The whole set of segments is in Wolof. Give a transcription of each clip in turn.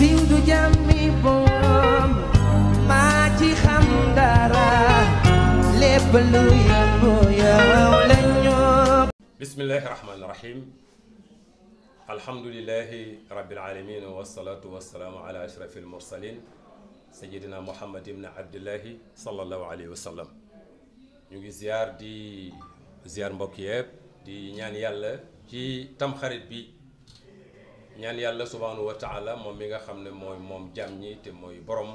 siiw du jàmmi boom maa ci xam dara lépp lu yëngu yow la ñoo bismillahi rahmaani rahim alhamdulilahi rabbil alamin wasalaatu wasalaamu ala ashrafi almursalin sayidina muhammad ibn abdillahi salallahu alayhi wa sallam ñu ngi ziar di ziar mbokk yëpp di ñaan yàlla ci tamxarit bi ñaan yàlla subhanahu wa taala moom mi nga xam ne mooy moom jàmm ñi te mooy borom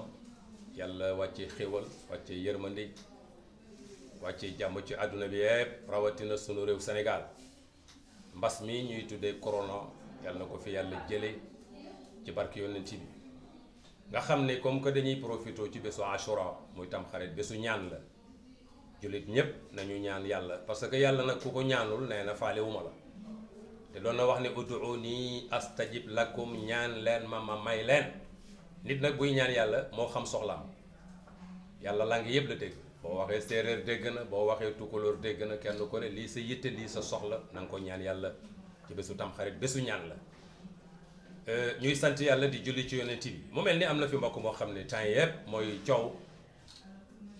yàlla wàcce xéwal wàcce yërmande wàcce jàmm ci àdduna bi yëpp rawatina sunu réew Sénégal mbas mi ñuy tuddee corona yàlla na ko fi yàlla jëlee ci barke yonent bi nga xam ne comme que dañuy profité ci bésu Ashura muy tamxarit bésu ñaan la jullit ñëpp nañu ñaan yàlla parce que yàlla nag ku ko ñaanul nee na faale wu ma la. doon na wax ne nii astajib lakum ñaan leen ma ma may leen nit nag buy ñaan yàlla moo xam soxlaam yàlla laa ngi yëpp la dégg boo waxee séeréer dégg na boo waxee tukulóor dégg na kenn ko ne lii sa yitte lii sa soxla na nga ko ñaan yàlla ci bésu tamxarit bésu ñaan la euh, ñuy sant yàlla di julli ci yonent bi mu mel ni am na fi mbokk moo xam ne temps yëpp mooy coow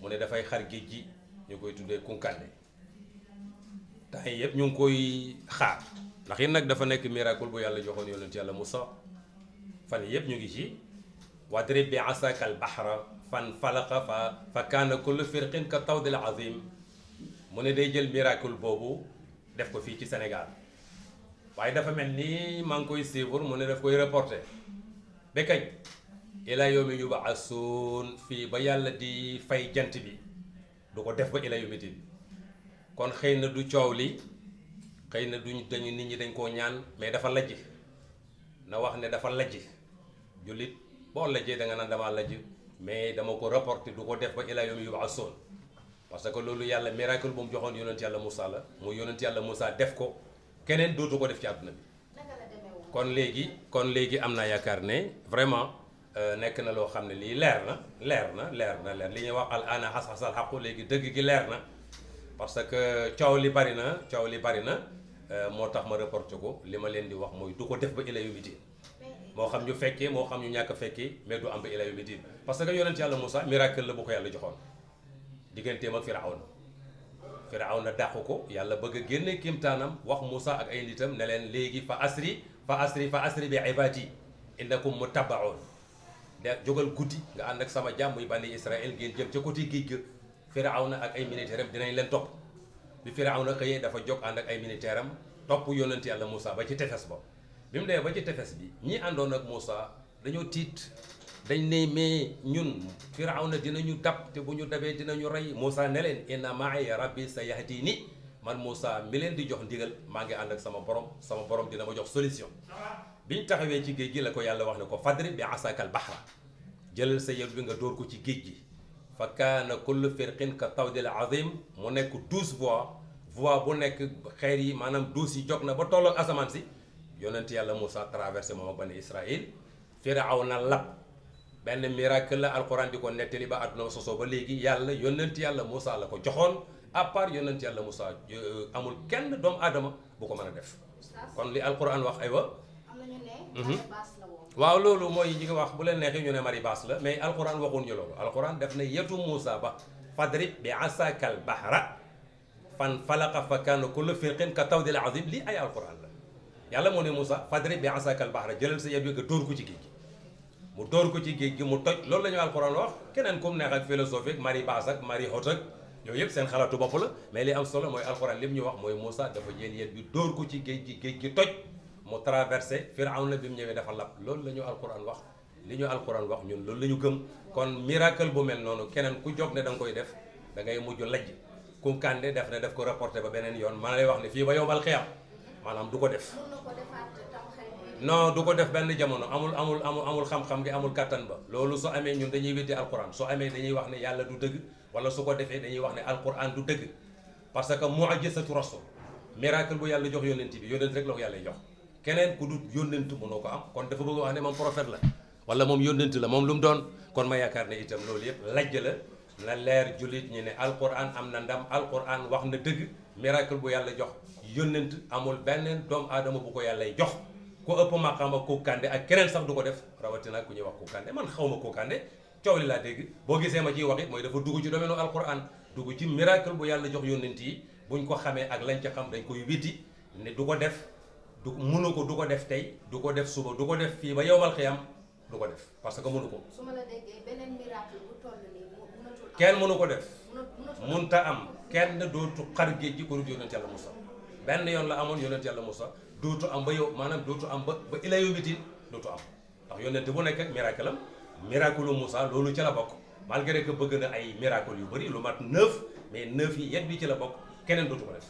mu ne dafay xar géej gi ñu koy tuddee kunkande temps yëpp ñu ngi koy xaar ndax it nag dafa nekk miracle bu yàlla joxoon yonent yàlla Moussa fan yëpp ñu ngi ci wadrib bi asaka al bahra fan falaqa fa fa kaana kullu firqin ka tawdil azim mu ne day jël miracle boobu def ko fii ci Sénégal waaye dafa mel ni maa ngi koy suivre mu ne daf koy reporter ba kañ ila yawmi yub'asun fii ba yàlla di fay jant bi du ko def ba ila yawmi din kon xëy na du coow li xëy na duñ dañu nit ñi dañ koo ñaan mais dafa lajj na wax ne dafa lajj jullit boo lajjee da nga naan damaa lajj mais dama ko rapporté du ko def ba ilaa yawmi yub'asoon parce que loolu yàlla miracle bu mu joxoon yonent yàlla Moussa la mu yonent yàlla def ko keneen dootu ko def ci àdduna bi kon léegi kon léegi am naa yaakaar ne vraiment euh, nekk na loo xam ne lii leer na leer na leer na leer li ñuy wax al ana xas léegi dëgg gi leer na parce que coow li bari na coow li bari na Euh, moo tax ma reporté ko li ma leen di wax mooy du ko def ba ila yawmi diin moo xam ñu fekkee moo xam ñu ñàkk fekkee mais du am ba ila yawmi parce que yonent yàlla Moussa miracle la bu ko yàlla joxoon digganteem ak Firawna na dàqu ko yàlla bëgg a génne kéemtaanam wax Moussa ak ay nitam ne leen léegi fa asri fa asri fa asri bi ibaadi innakum muttabaun da jógal guddi nga ànd ak sama jàmm muy bànni Israël ngeen jëm ca côté géej ga Firawna ak ay militaire dinañ leen topp bi na xëyee dafa jox ànd ak ay militaire am topp yonent yàlla Moussa ba ci tefes ba bi mu demee ba ci tefes bi ñii àndoon ak Moussa dañoo tiit dañ ne mais ñun na dina ñu dab te bu ñu dabee dinañu rey Moussa ne leen inna maaya rabbi sa yahdi ni man Moussa mi leen di jox ndigal maa ngi ànd ak sama borom sama borom dina ma jox solution biñ taxawee ci géej gi la ko yàlla wax ne ko fadri bi asakal bahra jëlal sa yel bi nga dóor ko ci géej gi فكان كل فرق كتاودي العظيم منك 12 فوا فوا بونك خيري مانام 12 جوكنا با تولو اسمان سي يونت يالا موسى ترافيرسي ماما بني اسرائيل فرعون لاب بن ميراكل القران ديكو نيتلي با ادنا سوسو با ليغي يالا يونت يالا موسى لاكو جوخون ابار يونت يالا موسى امول كين دوم ادمه بوكو مانا ديف كون لي القران واخ ايوا امنا ني باس لا waaw loolu mooy ñi nga wax bu leen neexee ñu ne maribaas la mais alquran waxuñ ñu loolu alquran def na yetu Moussa ba fadrib bi asakal bahra fan falaqa fa kaana kullu firqin ka tawdil azim lii ay alquran la yàlla moo ne Moussa fadrib bi asakal bahra jëlal sa yet wi nga dóor ko ci géej gi mu dóor ko ci géej gi mu toj loolu la ñu alquran wax keneen ku mu neex ak philosophe ak maribaas ak mari hot ak yooyu yëpp seen xalaatu bopp la mais li am solo mooy alquran lim ñu wax mooy Moussa dafa jël yet bi dóor ko ci géej gi géej gi toj mu traversé Firawna bi mu ñëwee dafa lab loolu la ñu alquran wax li ñu alquran wax ñun loolu la ñu gëm kon miracle bu mel noonu keneen ku jóg ne da nga koy def da ngay mujj lajj ku kànde def ne daf ko reporté ba beneen yoon man lay wax ne fii ba yombal xiyam manaam du ko def non du ko def benn jamono amul amul amul amul xam-xam gi amul kàttan ba loolu su amee ñun dañuy weddi alquran su amee dañuy wax ne yàlla du dëgg wala su ko defee dañuy wax ne alquran du dëgg parce que mu'jizatu rasul miracle bu yàlla jox yonent bi yonent rek la ko yàlla keneen ku dut yónnent mënoo ko am kon dafa bëgg wax ne moom profet la wala moom yónnent la moom lu mu doon kon ma yaakaar ne itam loolu yëpp lajj la na leer jullit ñi ne alquran am na ndam alquran wax na dëgg miracle bu yàlla jox yónnent amul benn doomu aadama bu ko yàllay jox ku ëpp maqaama Koukandé ak keneen sax du ko def rawatina ku ñuy wax Koukandé man xaw ma Koukandé coow laa dégg boo gisee ma ciy wax mooy dafa dugg ci domaine alquran dugg ci miracle bu yàlla jox yónnent yi buñ ko xamee ak lañ ca xam dañ koy witi ne du ko def du mënu ko du ko def tey du ko def suba du ko def fii ba yowmal am du ko def parce que mënu ko. su kenn mënu ko def. munta am kenn dootu xar géej gi ko dul yonent yàlla Moussa benn yoon la amoon yonent yàlla Moussa dootu am ba yow maanaam dootu am ba ba ila yomitin dootu am ndax yonent bu nekk miracle am miracle Moussa loolu ci la bokk malgré que bëgg na ay miracle yu bëri lu mat neuf mais neuf yi yet bii ci la bokk keneen dootu ko def.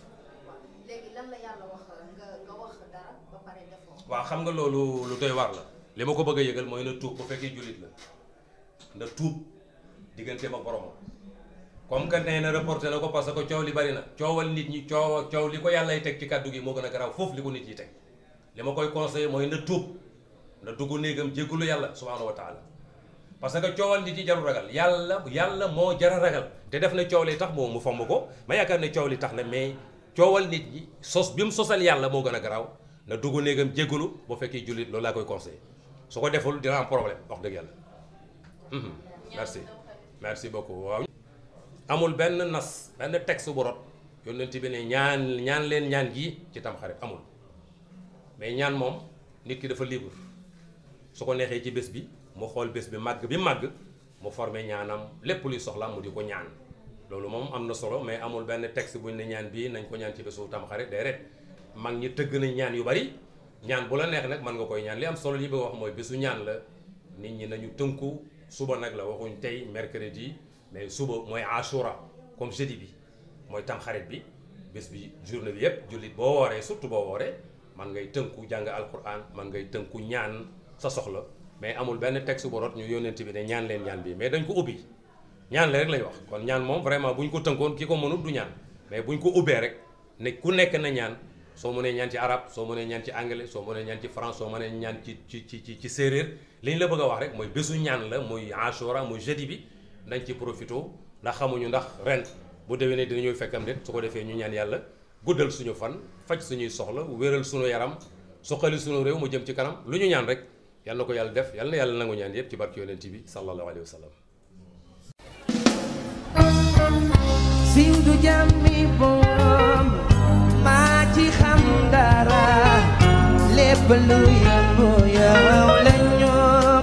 waaw xam nga loolu lu doy war la li ma ko bëgg a yëgal mooy na tuub bu fekkee jullit la na tuub digganteem ak boromam comme que nee na reporté na ko parce que coow li bari na coowal nit ñi coow coow li ko yàllay teg ci kàddu gi moo gën a foofu li ko nit ñi li ma koy conseillé mooy na tuub na dugg néegam jéggulu yàlla subhaanahu wa parce que coowal nit yi jarul ragal yàlla yàlla moo jara ragal te def na coow li tax moom mu fomm ko ma yaakaar ne coow li tax na mais coowal nit ñi sos bi mu sosal yàlla moo gën a garaaw la dougou néegam jéggalu bo fekkee djulit loolu la koy conseillé su ko deful dina am problème wax dëgg yàlla mhm. merci merci beaucoup waaw amul benn nas ben texte bu rot yonent bi ne ñaan ñaan len ñaan gi ci xarit amul mais ñaan mom, nit ki dafa libre su nexé ci bés bi mu xol bés bi mag bi mag, mu formé ñaanam lepp luy soxla mu diko ñaan loolu mom, am solo mais amul ben texte buñ ne ñaan bi, nañ ko ñaan ci bésu tamxarit déedéet mag ñi tëgg nañ ñaan yu bari ñaan bu la neex nag mën nga koy ñaan li am solo li bëgg wax mooy bésu ñaan la nit ñi nañu tënku suba nag la waxuñ tey mercredi mais suba mooy ashura comme jeudi bi mooy tamxarit bi bés bi journée bi yëpp jullit boo wooree surtout boo wooree man ngay tënku jàng alquran man ngay tënku ñaan sa soxla mais amul benn texte bu rot ñu yónnent bi ne ñaan leen ñaan bi mais dañ ko ubbi ñaan la rek lay wax kon ñaan moom vraiment bu ñu ko tënkoon ki ko mënut du ñaan mais ko ubbee rek ne ku nekk na ñaan soo mënee ñaan ci arabe soo mënee ñaan ci anglais soo mënee ñaan ci français soo mënee ñaan ci ci ci ci séeréer li la bëgg a wax rek mooy bésu ñaan la muy ashura muy jeudi bi nañ ci profito ndax xamuñu ndax ren bu déwénee dinañuy fekkam déet su ko defee ñu ñaan yàlla guddal suñu fan faj suñuy soxla wéral suñu yaram suqali suñu réew mu jëm ci kanam lu ñu ñaan rek yàlla ko yàlla def yàlla na yàlla nangu ñaan yëpp ci barke yonent bi sallallahu alayhi wa sallam siw du jàmmi boom andara Lepaluyan mo yaw lang